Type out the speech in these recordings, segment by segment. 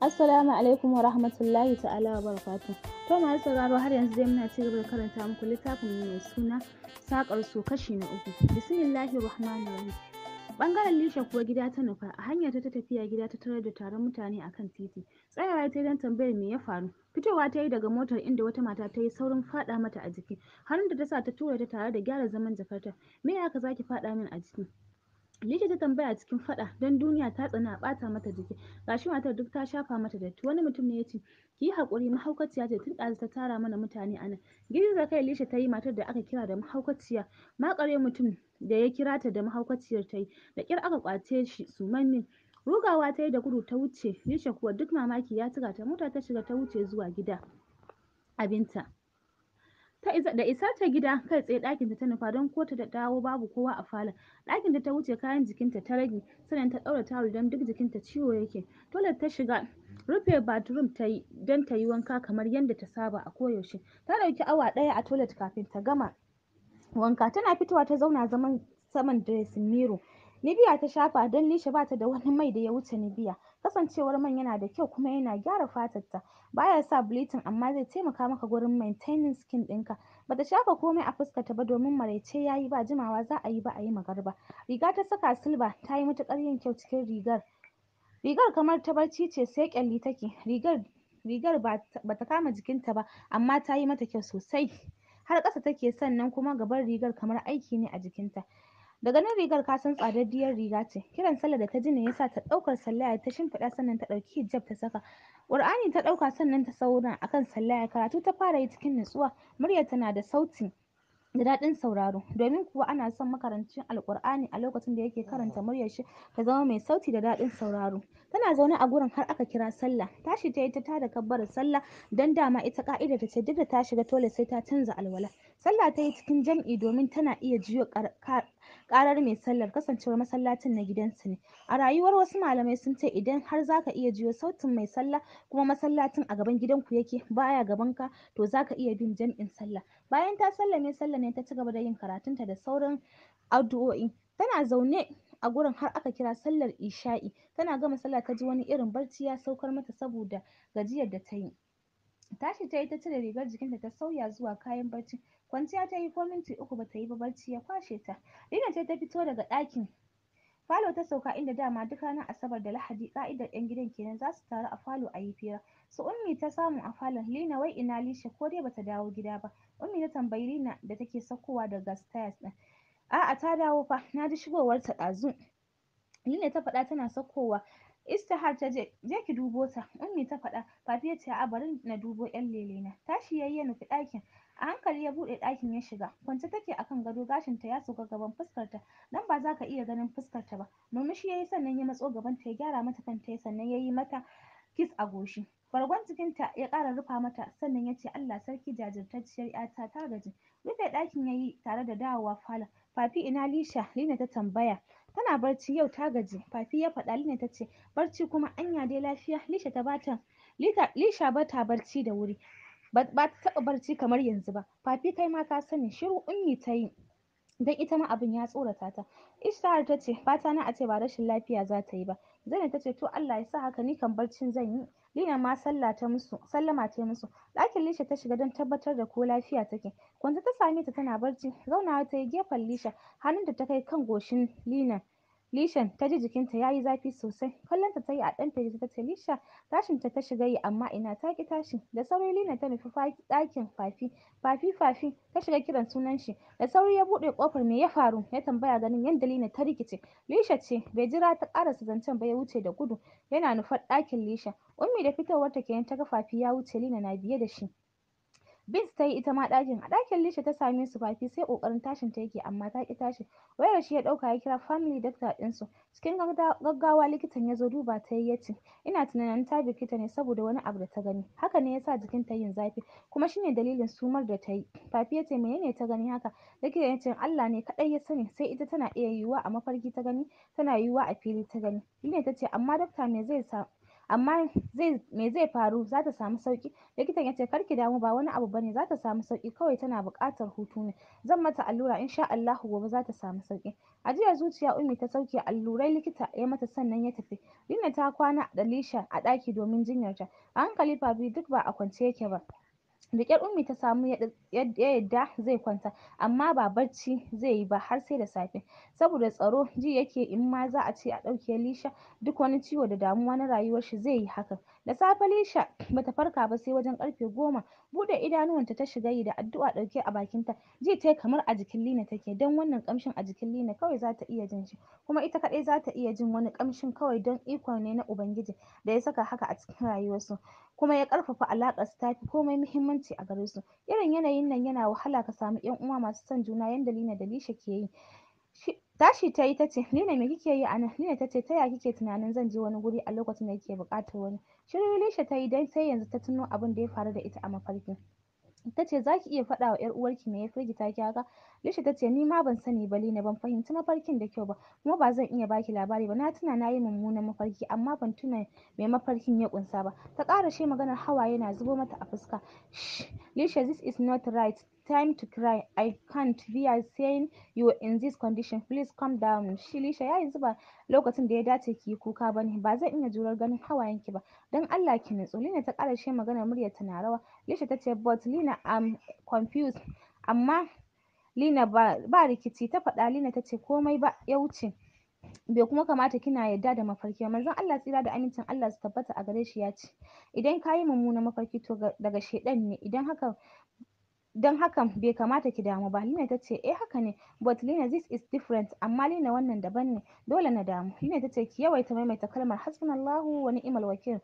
Assalamu alaikum wa rahmatullahi ta'ala wa barakatu. To masu sauraro har yanzu zai muna ci gaba da karanta muku littafin mai suna sakar su kashi na uku. Bismillahir Rahmanir Rahim. Bangaren Lisha kuwa gida ta nufa a hanyar ta tafiya gida ta tarar da taron mutane akan titi. Tsayawa ta yi don tambayar me ya faru. Fitowa ta yi daga motar inda wata mata ta yi saurin faɗa mata a jiki. Hannun da ta sa ta tura ta tare da gyara zaman jakarta. Me ya ka zaki faɗa min a jiki? lisha ta tambaya cikin faɗa don duniya ta tsani a ɓata mata jiki, ga shi matar duk ta shafa mata datti. Wani mutum ne ya ce, ki yi haƙuri mahaukaciya ce tun ɗazu ta tara mana mutane a nan. Girgiza kai lisha ta yi matar da aka kira da mahaukaciya, makare mutum da ya kira ta da mahaukaciyar ta yi, da ƙyar aka ƙwace shi sumamme. Rugawa ta yi da gudu ta wuce, lisha kuwa duk mamaki ya cika ta, mota ta shiga ta wuce zuwa gida abinta. da isa ta gida kai tsaye ɗakinta ta nufa don ko ta dawo babu kowa a falon ɗakinta ta wuce kayan jikinta ta rage sannan ta ɗaura tawul don duk jikinta ciwo yake toilet ta shiga rufe bathroom ta yi don ta yi wanka kamar yadda ta saba a koyaushe ta ɗauki awa ɗaya a toilet kafin ta gama wanka tana fitowa ta zauna zaman saman dressing mirror Nibiya ta shafa don Lisha ba ta da wani mai da ya wuce nibiya. kasancewar man yana da kyau kuma yana gyara fatar ta baya sa bleaching amma zai taimaka maka gurin maintaining skin ɗinka bata shafa komai a ta ba domin maraice yayi ba jimawa za a yi ba a yi magarba riga ta saka silba ta yi matuƙar yin kyau cikin rigar rigar kamar ta barci ce sai ƙyalli take rigar rigar bata kama jikinta ba amma ta yi mata kyau sosai har ƙasa take sannan kuma gaban rigar kamar aiki ne a jikinta Da ganin rigar ka san tsadaddiyar riga ce kiran sallah da ta ji ne yasa ta ɗaukar sallaya ta shimfiɗa sannan ta ɗauki hijab ta saka Qur'ani ta ɗauka sannan ta a akan sallaya karatu ta fara yi cikin nutsuwa muryar tana da sauti da daɗin sauraro domin kuwa ana son makarancin alƙur'ani a lokacin da yake karanta muryar shi ta zama mai sauti da daɗin sauraro tana zaune a gurin har aka kira sallah tashi ta yi ta tada kabbar sallah don dama ita ka'ida ta ce duk da ta shiga tole sai ta canza alwala sallah ta yi cikin jam'i domin tana iya jiyo karar mai sallar kasancewar masallacin na gidansu ne a rayuwar wasu malamai sun ce idan har zaka iya jiyo sautin mai sallah kuma masallacin a gaban gidanku yake baya gaban ka to zaka iya bin jam'in sallah bayan ta sallame sallar ne ta ci gaba da yin karatunta da sauran addu'o'i tana zaune a gurin har aka kira sallar isha'i tana gama sallah ta ji wani irin barci ya saukar mata saboda gajiyar da ta yi Tashi ta yi ta cire rigar jikin ta sauya zuwa kayan barci. Kwanciya ta yi ko minti uku ba ta yi ba barci ya kwashe ta. Rina ce ta fito daga ɗakin. Falo ta sauka inda dama duk ranar Asabar da Lahadi ka'idar 'yan gidan kenan za su taru a falo a yi fira. Su Ummi ta samu a falon Lina wai ina lishe, ko dai bata dawo gida ba. Ummi ta tambayi Lina da take da gas stairs ɗin. A'a ta dawo fa na ji shigowar ta ɗazu. Lina ta faɗa tana saukowa Istihar ta je, je ki dubo ta, Ummi ta faɗa. Fafiya ce a bari na dubo ƴan lele na. Tashi yayi ya nufi ɗakin. A hankali ya buɗe ɗakin ya shiga. Kwance take akan gado gashinta ya sauka gaban fuskarta. Dan ba za ka iya ganin fuskarta ba. Murmushi yayi sannan ya matso ta ya gyara mata kanta sannan yayi mata kiss a goshi. Bargon ta ya ƙara rufa mata sannan ya ce Allah sarki jajirtacciyar ƴata ta gaji. Rufe ɗakin yayi tare da dawowa falon. Fafi ina Lisha? Lina ta tambaya. tana barci yau ta gaji fafi ya faɗa Lina ta ce barci kuma anya dai lafiya Lisha ta bata Lisha bata barci da wuri ba ta taɓa barci kamar yanzu ba Fafi kai ma ka sani shiru ummi ta yi dan ita ma abin ya tsorata ta Ishtar ta ce fata na a ce ba rashin lafiya za ta yi ba zaina ta ce to Allah ya sa haka ni kan barcin zan yi Lina ma sallah ta musu sallama ta musu ɗakin Lisha ta shiga don tabbatar da ko lafiya take kwanta ta same ta tana barci zaunawa ta yi gefen Lisha hannun da ta kai kan goshin Lina Lishan ta ji jikinta ya yi zafi sosai. Kallonta ta yi a ɗanta da ta ce, Lisha, tashinta ta shiga yi amma ina ta ki tashi. Da sauri Lina ta nufi ɗakin Fafi. Fafi Fafi ta shiga kiran sunan shi. Da sauri ya buɗe ƙofar me ya faru? Ya tambaya ganin yadda Lina ta rikice. Lisha ce bai jira ta ƙarasa zancen ba ya wuce da gudu. Yana nufar ɗakin Lisha. Ummi da fitowar fitowarta kenan ta ga Fafi ya wuce Lina na biye da shi. Bis ta yi ita ma ɗakin. A ɗakin lishe ta same su fafi sai ƙoƙarin tashin ta yake amma ta ƙi tashi. Wayar shi ya ɗauka ya kira family doctor ɗinsu. Cikin gaggawa likitan ya zo duba ta ya ce ina tunanin ta bikita ne saboda wani abu da ta gani. Haka ne ya sa jikin ta yin zafi kuma shine dalilin sumar da ta yi. Fafi ya ce menene ta gani haka? Likita ya ce Allah ne kaɗai ya sani sai ita tana iya yiwuwa a mafarki ta gani tana yiwuwa a fili ta gani. Lina ta ce amma dokta me zai sa amma zai me zai faru za ta samu sauƙi likitan ya ce kar ki damu ba wani abu bane za ta samu sauki kawai tana buƙatar hutu ne zan mata allura insha Allah gobe za ta samu sauki jiya zuciya ummi ta sauke allurai likita ya mata sannan ya tafi Lina ta kwana da Lisha a ɗaki domin jinyarta a hankali Fabi duk ba a kwance yake ba da ummi ta samu ya yadda zai kwanta amma ba barci zai yi ba har sai da safe saboda tsaro ji yake in ma za a ce a ɗauke lisha duk wani ciwo da damuwa na rayuwar shi zai yi hakan da safe lisha bata farka ba sai wajen karfe goma buɗe idanuwanta ta shiga yi da addu'a ɗauke a bakinta ji tai kamar a jikin lina take don wannan kamshin a jikin lina kawai za ta iya jin shi kuma ita kaɗai za ta iya jin wani kamshin kawai don iko ne na ubangiji da ya saka haka a cikin rayuwarsu kuma ya ƙarfafa alaƙar su tafi komai muhimmanci a gare su irin yanayin nan yana wahala ka samu ƴan uwa masu son juna yanda Lina da Lisha ke yi tashi ta yi ta ce Lina me kike yi a nan Lina ta ce taya kike tunanin zan je wani guri a lokacin da kike buƙatar wani shiru Lisha ta yi sai yanzu ta tuno abin da ya faru da ita a mafarki. ta ce za ki iya faɗa wa 'yar uwarki me ya firgita ki haka Lisha ta ce ni ma ban sani ba Lina ban fahimci mafarkin da kyau ba kuma ba zan iya baki labari ba na tuna na yi mummunan mafarki amma ban tuna me mafarkin ya kunsa ba ta ƙara shi maganar hawaye na zubo mata a fuska Lisha this is not right time to cry I can't we are saying you are in this condition please calm down Shilisha ya yi zuba lokacin da ya dace ki yi kuka bane ba zan iya jurar ganin hawayen ki ba dan Allah ki nutsu Lina ta kara shi magana murya ta na rawa Lisha ta ce but Lina I'm confused amma Lina ba, rikici ta faɗa Lina ta ce komai ba ya wuce bai kuma kamata kina yadda da mafarki ba manzon Allah tsira da amincin Allah su tabbata a gare shi ya ce idan kayi mummuna mafarki to daga shedan ne idan haka don hakan bai kamata ki damu ba Lina ta ce eh haka ne but Lina this is different amma Lina wannan daban ne dole na damu Lina ta ce ki yawaita maimaita kalmar hasbunallahu wa ni'mal wakil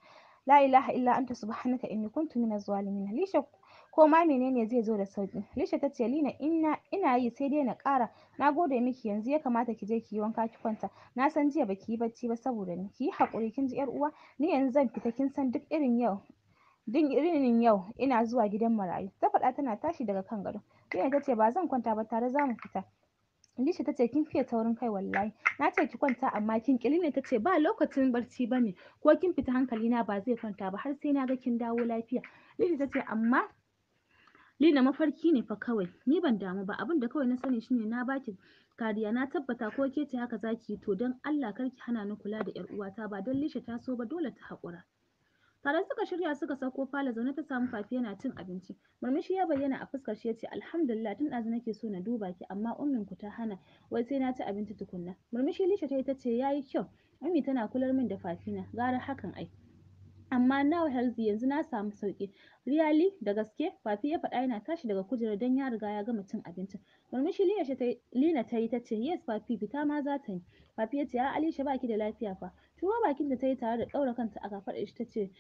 la ilaha illa anta subhanaka inni kuntu minaz zalimin Lisha ko ma menene zai zo da sauki Lisha ta ce Lina ina ina yi sai dai na kara. na gode miki yanzu ya kamata ki je ki yi wanka ki kwanta na san jiya baki yi bacci ba saboda ni ki yi haƙuri kin ji yar uwa ni yanzu zan fita kin san duk irin yau Din irinin yau ina zuwa gidan marayu. Ta faɗa tana tashi daga kan gado. ina ta ce ba zan kwanta ba tare za mu fita. Lisha ta ce kin fiye taurin kai wallahi. Na ce ki kwanta amma kin ƙi ne ta ce ba lokacin barci ba ne ko kin fita hankali na ba zai kwanta ba har sai na ga kin dawo lafiya. Lina ta ce amma Lina mafarki ne fa kawai ni ban damu ba abin da kawai na sani shine na baki kariya na tabbata ko ke ce haka zaki yi to don Allah kar ki hana ni kula da 'yar uwata ba don Lisha ta so ba dole ta haƙura. Tare suka shirya suka sauko falo zaune ta samu Fafi yana cin abinci. Murmushi ya bayyana a fuskar shi yace alhamdulillah tun ɗazu nake so na duba ki amma ummin ku ta hana wai sai na ci abinci tukunna. Murmushi Lisha ta yi yayi kyau. Ummi tana kular min da fafi na, gara hakan ai. amma now healthy yanzu na samu sauki really da gaske fafi ya faɗa yana tashi daga kujerar don ya riga ya gama cin abincin murmushi lina ta yi ta ce yes fafi fita ma za ta yi fafi ya ce a alisha baki da lafiya fa Shuma bakin da ta yi tare da ɗaura kanta a kafaɗar shi ta ce,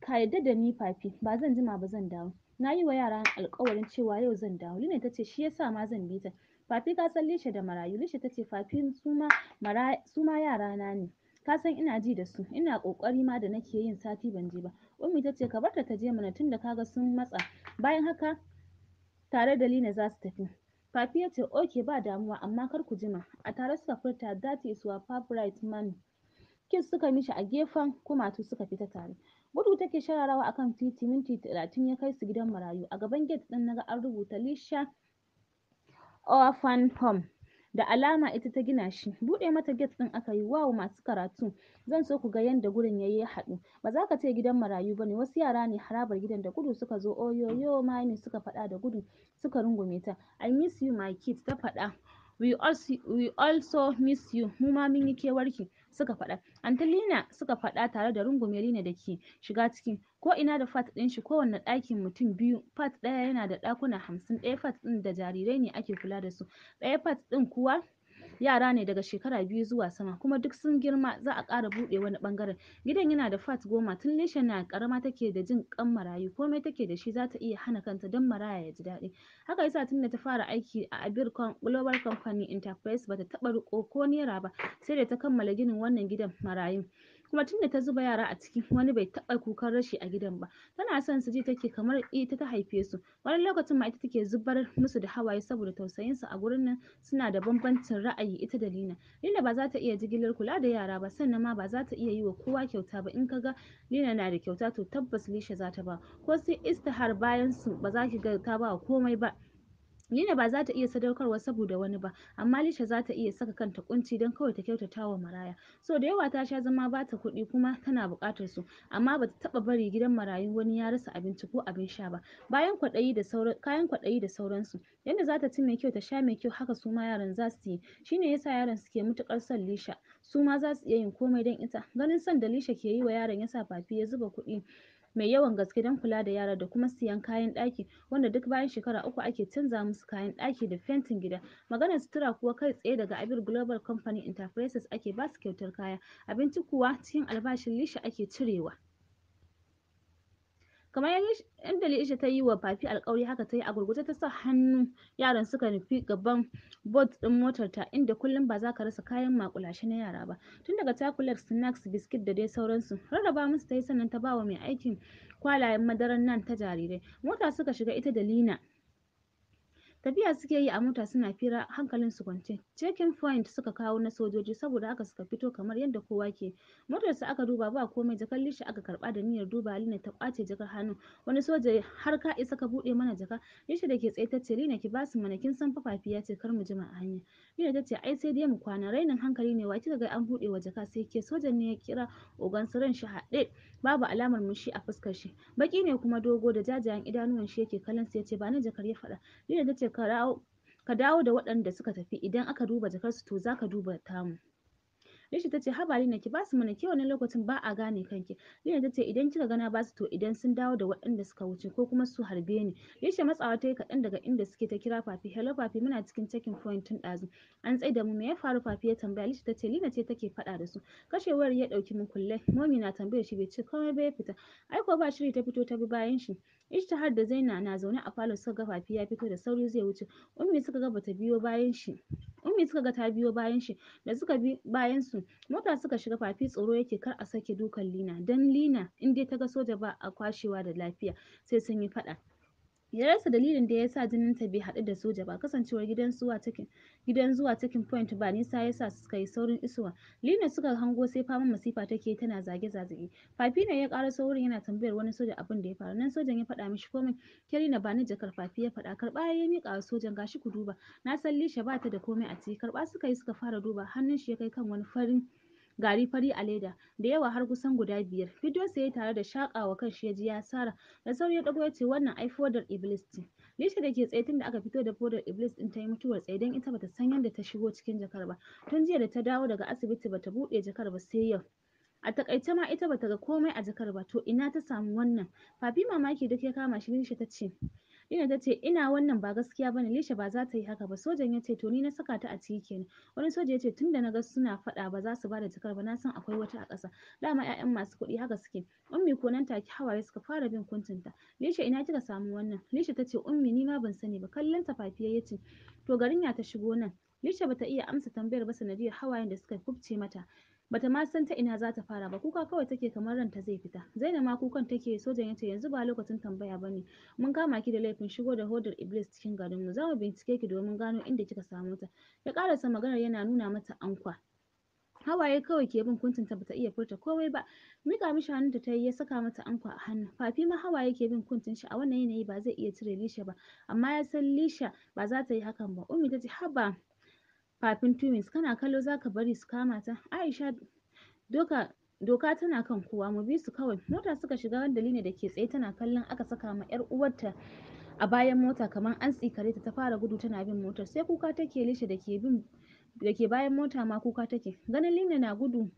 ka yadda da ni fafi ba zan jima ba zan dawo. Na yi wa yara alƙawarin cewa yau zan dawo. Lina ta ce shi yasa ma zan bi ta. Fafi ka san Lisha da marayu. Lisha ta ce Fafi su ma yara na ne. Ka san ina ji da su. Ina ƙoƙari ma da nake yin sati ban je ba. Ummi ta ce ka barta ta je mana tunda ga sun matsa. Bayan haka tare da Lina za su tafi. Fafi yace, ce oke ba damuwa amma kar ku jima. A tare suka furta that is your favorite man. Kiss suka mishi a gefen kumatu suka fita tare. Gudu take shararawa akan titi minti talatin ya kai su gidan marayu. A gaban gate ɗin naga an rubuta Lisha Orphan Home. Da alama ita ta gina shi. bude mata gate ɗin aka yi wawo masu karatu. Zan so ku ga yanda gurin ya hadu haɗu. Ba za ka ce gidan marayu ba ne wasu yara ne harabar gidan da gudu suka zo oyoyo ne suka faɗa da gudu suka rungume ta. I miss you my kid ta faɗa. we also miss you mu ma mun yi kewarki suka faɗa antalina suka faɗa tare da rungume Lina da ke shiga cikin ko ina da fat ɗin shi kowanne ɗakin mutum biyu fat ɗaya yana da ɗakuna hamsin ɗaya fat ɗin da jarirai ne ake kula da su ɗaya fat ɗin kuwa yara ne daga shekara biyu zuwa sama kuma duk sun girma za a ƙara buɗe wani ɓangaren gidan yana da fat goma tun Lisha na ƙarama take da jin ƙan marayu komai take da shi za ta iya hana kanta don maraya ya ji daɗi haka yasa da ta fara aiki a Abircon Global Company Enterprise bata taɓa riƙo ko naira ba sai da ta kammala ginin wannan gidan marayun kuma tunda ta zuba yara a ciki wani bai taɓa kukan rashi a gidan ba tana son su ji take kamar ita ta haife su wani lokacin ma ita take zubar musu da hawaye saboda tausayin su a gurin nan suna da bambancin ra'ayi ita da Lina Lina ba za ta iya jigilar kula da yara ba sannan ma ba za ta iya yi wa kowa kyauta ba in ka ga Lina na da kyauta to tabbas Lisha za ta ba ko sai har bayan su ba za ki ga ta ba komai ba Nina ba za ta iya sadaukarwa saboda wani ba, amma Lisha za ta iya saka kanta kunci, don kawai ta kyautata wa maraya. So da yawa ta sha zama ba ta kuɗi kuma tana buƙatar su, amma ba ta taɓa bari gidan marayu wani ya rasa abinci ko abin sha ba. Bayan kwaɗayi da sauran kayan kwaɗayi da sauransu, yadda za ta ci mai kyau ta sha mai kyau haka suma yaran za su yi. Shi ne ya sa yaran suke matuƙar son Lisha. su ma za su iya yin komai don ita ganin son da Lisha ke yi wa yaron ya sa Fafi ya zuba kuɗi mai yawan gaske don kula da yara da kuma siyan kayan ɗaki wanda duk bayan shekara uku ake canza musu kayan ɗaki da fentin gida maganar sutura kuwa kai tsaye daga Abir Global Company Enterprises ake su kyautar kaya abinci kuwa cikin albashin Lisha ake cirewa kamar yadda La'isha ta yi wa Fafi alƙawari haka ta yi a gurguje ta sa hannu yaran suka nufi gaban bot ɗin motar ta inda kullum ba za ka rasa kayan maƙulashe na yara ba tun daga cakulet snacks biskit da dai sauransu rarraba musu ta yi sannan ta ba wa mai aikin kwalayen madarar nan ta jarirai mota suka shiga ita da Lina Tafiya suke yi a mota suna fira hankalin su kwance. Checking point suka kawo na sojoji saboda haka suka fito kamar yadda kowa ke. Motar Motarsa aka duba ba komai jakar lishi aka karba da niyyar duba Lina ta kwace jakar hannu. wani soja har ka isa ka buɗe mana jaka lishi da ke tsaye ta ce Lina ki basu mana kin san fafafiya ce kar mu jima a hanya. Lina ta ce ai sai dai mu kwana rainin hankali ne wa kika ga an buɗe wa jaka sai ke sojan ne ya kira ogan su ran shi haɗe babu alamar mushi a fuskar shi. Baki ne kuma dogo da jajayen idanuwan shi yake kallon sai ya ce ba jakar ya faɗa. Lina ta ka dawo da waɗanda suka tafi idan aka duba jakarsu to zaka duba tamu Rishi ta ce haba Lina ki basu mana ke wani lokacin ba a gane kanki. Lina ta ce idan kika gana basu to idan sun dawo da waɗanda suka wuce ko kuma su harbe ni. Rishi matsawa ta yi kaɗan daga inda suke ta kira Fafi. Hello Fafi muna cikin checking point tun ɗazu. An tsaye da mu me ya faru Fafi ya tambaya. Rishi ta ce Lina ce take faɗa da su. Kashe, wayar ya ɗauki mun kulle. Momi na tambayar shi bai ce komai ba ya fita. Aiko ba shiri ta fito ta bi bayan shi. ishtahar da Zaina na zaune a falo suka ga Fafi ya fito da sauri zai wuce. Ummi suka ga bata biyo bayan shi. Ummi suka ga ta biyo bayan shi da suka bi bayan su mota suka shiga Fafi tsoro yake kar a sake dukan Lina dan Lina in dai ta ga soja ba a kwashewa da lafiya sai sun yi faɗa. ya rasa dalilin da ya sa jininta bai haɗu da soja ba kasancewar gidan zuwa cikin gidan zuwa cikin point ba nisa ya sa suka yi saurin isowa lina suka hango sai fama masifa take tana zage-zage fafina ya ƙara saurin yana tambayar wani soja abin da ya faru nan sojan ya faɗa mishi komai kelina ba ni jakar fafi ya faɗa karba ya miƙa wa sojan gashi ku duba na san lisha bata da komai a ciki karba suka yi suka fara duba hannun shi ya kai kan wani farin gari fari a leda da yawa har kusan guda biyar sa yayi tare da shakawa shi yaji ya sara da sauri ya dago yace wannan ai fodar iblis ce Lisha da ke tsaye tun da aka fito da fodar iblis din tayi mutuwar tsaye don ita bata san yadda ta shigo cikin jakar ba tun jiya da ta dawo daga asibiti bata buɗe jakar ba sai yau a takaice ma ita bata ga komai a jakar ba to ina ta samu wannan fafi mamaki duk ya kama shi Lisha ce. Lina ta ce ina wannan ba gaskiya bane Lisha ba za ta yi haka ba. Sojan ya ce to ni na saka ta a ciki kenan. Wani soja ya ce tunda na ga suna faɗa ba za su ba da jakar ba na san akwai wata a ƙasa. Dama ƴaƴan masu kuɗi haka suke. Ummi ko nan take hawaye suka fara bin ta Lisha ina kika samu wannan? Lisha ta ce ummi ni ma ban sani ba. Kallon ta fafiya ya ce to garin ya ta shigo nan. Lisha bata iya amsa tambayar ba sanadiyar hawayen da suka kubce mata. bata ma san ta ina zata fara ba kuka kawai take kamar ranta zai fita Zainab ma kukan take sojan yace yanzu ba lokacin tambaya bane mun kama ki da laifin shigo da hodar Iblis cikin garin mu zamu bincike ki domin gano inda kika samu ta ya karasa maganar yana nuna mata ankwa hawaye kawai ke bin ta bata iya furta komai ba mika mishi hannunta ta yi ya saka mata ankwa a hannu fafi ma hawaye ke bin kuntin shi a wannan yanayi ba zai iya cire Lisha ba amma ya san Lisha ba za ta yi hakan ba Ummi ta haba kafin two minutes kana kallo zaka bari su kama ta Aisha doka doka tana kan kowa mu bi su kawai mota suka shiga dandali ne ke tsaye tana kallon aka saka ma yar uwarta a bayan mota kamar an tsikare ta ta fara gudu tana bin motar sai kuka take Lisha dake bin dake bayan mota ma kuka take ganin Lina na gudu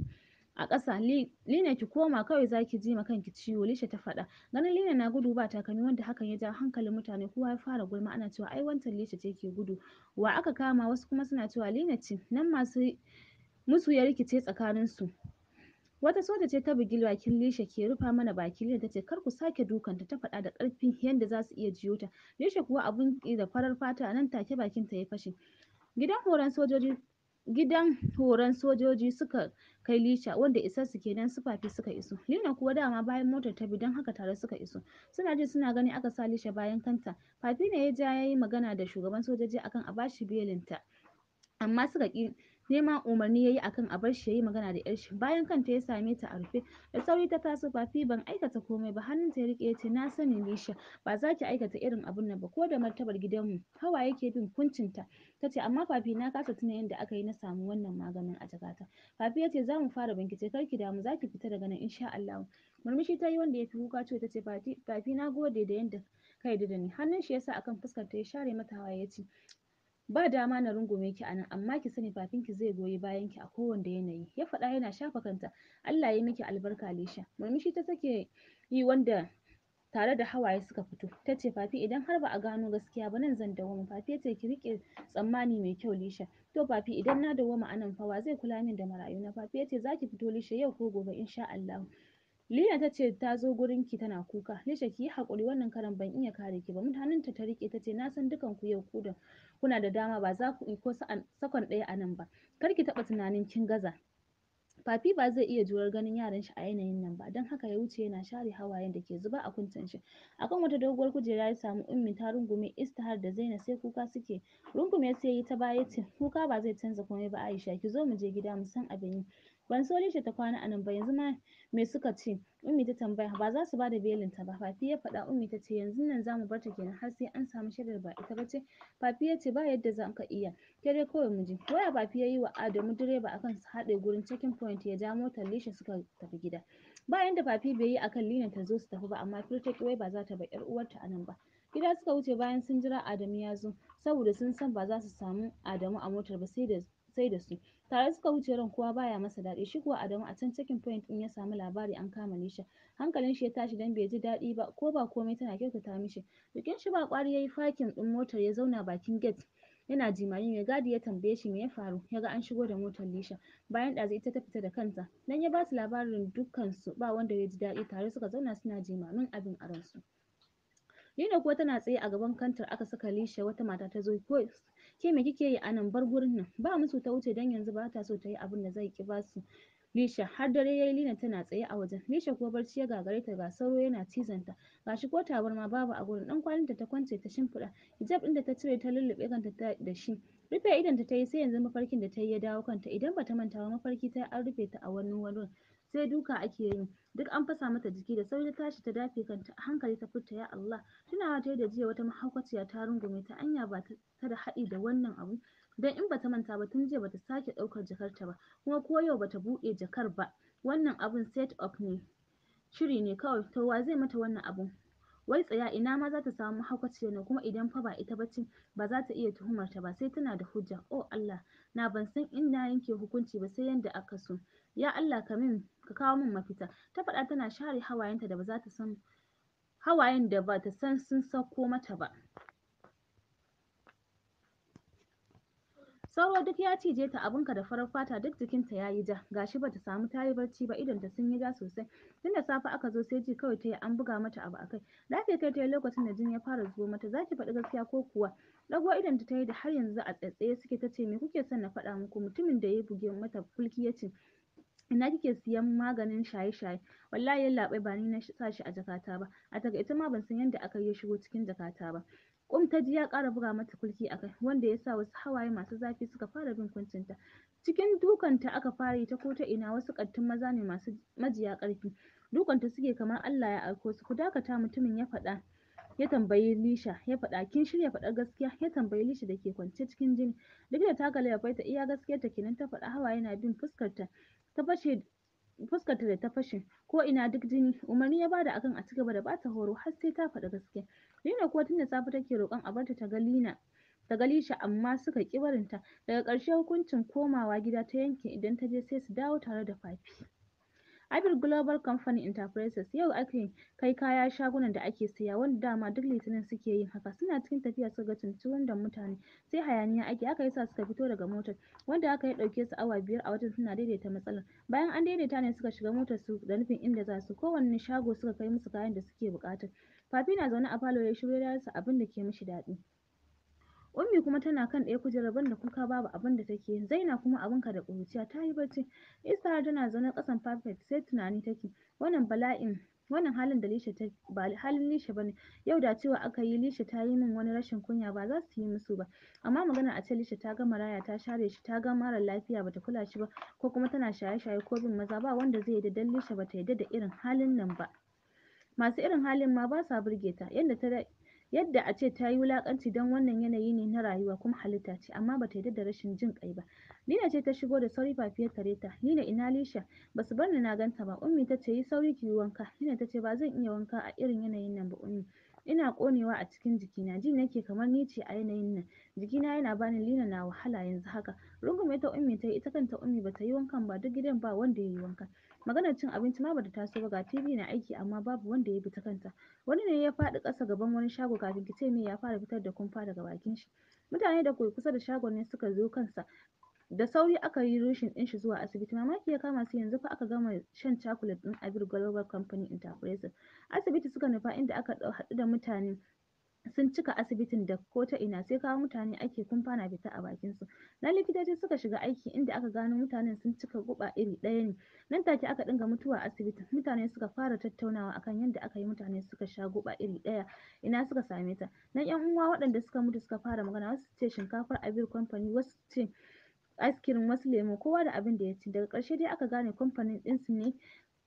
a ƙasa Lina ki koma kawai za ki ji ma kanki ciwo Lisha ta faɗa ganin Lina na gudu ba takalmi wanda hakan ya ja hankalin mutane kowa ya fara gulma ana cewa ai wancan Lisha ce ke gudu wa aka kama wasu kuma suna cewa Lina ce nan masu musu ya rikice tsakanin su wata soja ce ta bugi bakin Lisha ke rufa mana baki Lina ce, kar ku sake dukanta ta faɗa da ƙarfi yanda za su iya jiyo ta Lisha kuwa abun da farar fata nan take bakin ta ya fashe gidan horon sojoji gidan horon sojoji suka kai Lisha wanda isa su kenan sufafi suka iso. Lina kuwa dama bayan motar ta bi don haka tare suka iso. Suna ji suna gani aka sa Lisha bayan kanta. Fafi ne ya ja ya yi magana da shugaban sojoji akan a bashi belinta. Amma suka ƙi Neman umarni ya yi a kan a bar shi ya yi magana da 'yar shi, bayan ta ya same ta a rufe. Da sauri ta taso, "Fafi ban aikata komai ba." ta ya rike ya ce, "Na sani nisha, ba za ki aikata irin abun nan ba ko da martabar gidanmu." hawa yake bin kuncinta. Ta ce, "Amma Fafi na kasa tuna yadda aka yi na samu wannan maganin a jakata." Fafi ya ce, "Za mu fara bincike, kar ki damu, za ki fita daga nan in Murmushi ta yi wanda ya fi kuka ce ta ce, "Fafi na gode da yadda ka yadda da ni." Hannun shi ya sa a kan fuskarta ya share mata hawaye ya ce, ba dama na rungume ki anan amma ki sani fafin ki zai goyi bayan ki a kowanne yanayi ya faɗa yana shafa kanta Allah ya miki albarka Lisha murmushi ta sake yi wanda tare da hawaye suka fito tace Fafi idan har ba a gano gaskiya ba nan zan dawwama Fafi yace ki rike tsammani mai kyau Lisha to Fafi idan na dawwama anan fa wa zai kula min da marayu na fafi yace zaki fito Lisha yau ko gobe in sha Lina ta ce ta zo gurin ki tana kuka. Lisha ki yi haƙuri wannan karan ban iya kare ki ba. Mutanenta ta rike ta ce na san dukan ku yau kuna da dama ba za ku ko sakon ɗaya a nan ba. Kar ki taɓa tunanin kin gaza. papi ba zai iya jurar ganin yaran shi a yanayin nan ba, don haka ya wuce yana share hawayen da ke zuba a kuncin shi. Akan wata doguwar kujera ya samu Ummi ta rungume Istihar da Zainab sai kuka suke. Rungume sai yi ta baya ce, kuka ba zai canza komai ba Aisha, ki zo mu je gida mu san abin yi. Ban so Lisha ta kwana a nan ba yanzu ma me suka ce? Ummi ta tambaya. Ba za su bada belin ta ba Fati ya faɗa. Ummi ta ce yanzun nan zamu bar ta kenan har sai an samu shaidar ba ita ba ce. Fati ya ce ba yadda za ka iya. Ke dai kawai mu je. Waya Fati ya yi wa Adamu direba akan su haɗe gurin checking point ya ja motar Lisha suka tafi gida. Bayan da Fafi bai yi a kan Lina ta zo su tafi ba amma Firtek kiwai ba za ta bar ƴar uwarta a nan ba. Gida suka wuce bayan sun jira Adamu ya zo saboda sun san ba za su samu Adamu a motar ba sai da sai da su tare suka wuce ran kowa baya masa daɗi shi kuwa Adamu a can checking point ɗin ya samu labari an kama nisha hankalin shi ya tashi dan bai ji daɗi ba ko ba komai tana kyautata mishi jikin shi ba ƙwari yayi fakin ɗin motar ya zauna bakin gate yana jimami mai gadi ya tambaye shi me ya faru ya ga an shigo da motar nisha bayan ɗazu ita ta fita da kanta nan ya basu labarin dukkan su ba wanda ya ji daɗi tare suka zauna suna jimamin abin a su. Nina kuwa tana tsaye a gaban kantar aka saka Lisha wata mata ta zo ke me kike yi anan bar gurin nan ba musu ta wuce dan yanzu ba ta so ta yi abin da zai ki basu Lisha har dare yayi Lina tana tsaye a wajen Lisha kuwa barci ya gagare ta ga sauro yana cizon cizanta gashi ko tabarma babu a gurin dan kwalinta ta kwance ta shimfiɗa hijab ɗin da ta cire ta lullube kanta da shi rufe idonta ta yi sai yanzu mafarkin da ta yi ya dawo kanta idan bata manta ba mafarki ta an rufe ta a wani wurin sai duka ake yi duk an fasa mata jiki da sauri ta tashi ta dafe kanta a hankali ta furta ya Allah tunawa ta da jiya wata mahaukaciya ta rungume ta anya ba ta da haɗi da wannan abu dan in bata manta ba tun jiya bata sake ɗaukar ta ba kuma ko yau bata buɗe jakar ba wannan abun set up ne shiri ne kawai to wa zai mata wannan abun wai tsaya ina ma zata samu mahaukaciyar nan kuma idan fa ba ita bace ba zata iya tuhumar ta ba sai tana da hujja oh Allah na ban san inda yanke hukunci ba sai yanda aka so ya Allah ka min ka kawo min mafita ta faɗa tana share hawayenta da ba za ta san hawayen da ba ta san sun sauko mata ba sauro duk ya cije ta abunka da farar fata duk jikinta ya yi ja gashi bata samu ta barci ba idonta sun yi ja sosai tun da safe aka zo sai ji kawai ta yi an buga mata abu a kai ke kai ta yi lokacin da jini ya fara zubo mata za ki faɗi gaskiya ko kuwa ɗago idonta ta yi da har yanzu a tsatsaye suke ta ce me kuke son na faɗa muku mutumin da ya buge mata kulki ya ce Ina kike siyan maganin shaye-shaye? Wallahi yallaɓai ba ni na sa shi a jakata ba. A taƙaice ma ban san yadda aka yi ya shigo cikin jakata ba. Ƙum ta ji ya ƙara buga mata kulki a kai, wanda ya sa wasu hawaye masu zafi suka fara bin kuncinta. Cikin dukanta aka fara yi ta ko ta ina wasu ƙattun maza ne masu majiya ƙarfi. Dukanta suke kamar Allah ya aiko su. Ku dakata mutumin ya faɗa. ya tambayi Lisha ya faɗa kin shirya faɗar gaskiya ya tambayi Lisha da ke kwance cikin jini duk da ta ga ta iya gaskiyar ta kenan ta faɗa hawaye na bin fuskarta. ta fashe fuskarta da ta fashe ko ina duk jini umarni ya bada akan a cigaba da bata horo har sai ta faɗi gaskiya Lina kuwa tun da safe take roƙon a barta ta ga Lina ta ga Lisha amma suka ƙi barinta daga ƙarshe hukuncin komawa gida ta yanke idan ta je sai su dawo tare da Fafi Abir Global Company Enterprises yau ake kai kaya shagunan da ake siya, wanda dama duk Litinin suke yin haka, suna cikin tafiya suka ga da mutane, sai hayaniya ake, aka yi sa suka fito daga motar, wanda aka ya ɗauke su awa biyar a wajen suna daidaita matsalar. Bayan an daidaita ne suka shiga motar su da nufin inda za su, kowanne shago suka kai musu kayan da suke buƙata. Fafi na zaune a falo ya yi shiru ya rasa abin da ke mishi daɗi. Ummi kuma tana kan ɗaya kujerar banda kuka babu abin da take yi. Zaina kuma abun ka da ƙuruciya ta yi barci. isa tana zaune ƙasan kafet sai tunani take. Wannan bala'in wannan halin da Lisha ta ba halin Lisha bane yau da cewa aka yi Lisha ta yi min wani rashin kunya ba za su yi musu ba amma magana a ce Lisha ta ga maraya ta share shi ta ga mara lafiya bata kula shi ba ko kuma tana shaye-shaye ko bin maza ba wanda zai da dan Lisha bata yadda da irin halin nan ba masu irin halin ma ba sa burge ta yadda ta yadda a ce ta yi wulaƙanci don wannan yanayi ne na rayuwa kuma halitta ce amma ba ta yarda da rashin jin ƙai ba Nina ce ta shigo da sauri fiye tare ta Nina ina Lisha ba su bar ni na ganta ba Ummi ta ce yi sauri ki yi wanka Nina ta ce ba zan iya wanka a irin yanayin nan ba Ummi ina konewa a cikin jikina ji nake kamar ni ce a yanayin nan jikina yana bani lina na wahala yanzu haka rungume ta ummi ta yi ita kanta ummi ba ta yi wankan ba duk gidan ba wanda ya yi wanka Maganar cin abinci ma bata taso ba ga TV na aiki amma babu wanda ya bi ta kanta. Wani ne ya faɗi ƙasa gaban wani shago kafin ki ce me ya fara fitar da kumfa daga bakin shi. Mutane da ke kusa da shagon ne suka zo kansa da sauri aka yi rushin ɗin shi zuwa asibiti mamaki ya kama su yanzu fa aka gama shan cakulet ɗin Abir Global Company Enterprises asibiti suka nufa inda aka haɗu da mutane sun cika asibitin da ko ta ina sai kawo mutane ake kumfana na fita a bakin su nan likitoci suka shiga aiki inda aka gano mutanen sun cika guba iri ɗaya ne nan take aka dinga mutuwa a asibitin mutane suka fara tattaunawa akan yadda aka yi mutane suka sha guba iri ɗaya ina suka same ta nan yan uwa waɗanda suka mutu suka fara magana wasu su ce shinkafar abir company wasu su ce cream wasu lemu kowa da abin da ya ci daga ƙarshe dai aka gane kamfanin ɗinsu ne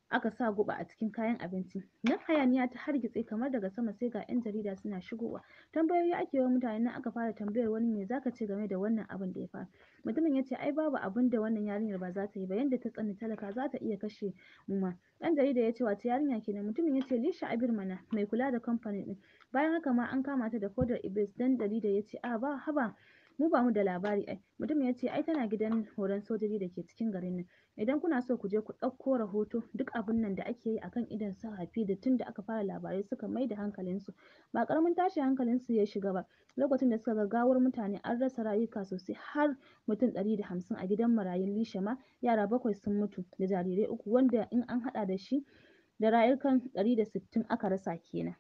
aka sa guba a cikin kayan abinci nan hayaniya ta hargitse kamar daga sama sai ga yan jarida suna shigowa tambayoyi ake wa mutane nan aka fara tambayar wani me zaka ce game da wannan abin da ya faru mutumin ya ce ai babu abin da wannan yarinyar ba za ta yi ba yanda ta tsani talaka za ta iya kashe mu ma Yan jarida ya ce wato yarinya kenan mutumin ya ce lisha abir mana mai kula da kamfanin din bayan haka ma an kama ta da kodar iblis dan jarida ya ce a ba haba mu ba mu da labari ai mutum ya ce ai tana gidan horon sojoji da ke cikin garin nan idan kuna so ku je ku ɗauko rahoto duk abin nan da ake yi akan idon sahafi da tun da aka fara labarai suka mai da hankalinsu ba ƙaramin tashin hankalinsu ya shiga ba lokacin da suka ga gawar mutane an rasa rayuka sosai har mutum ɗari da hamsin a gidan marayun ma yara bakwai sun mutu da jarirai uku wanda in an haɗa da shi da rayukan ɗari da sittin aka rasa kenan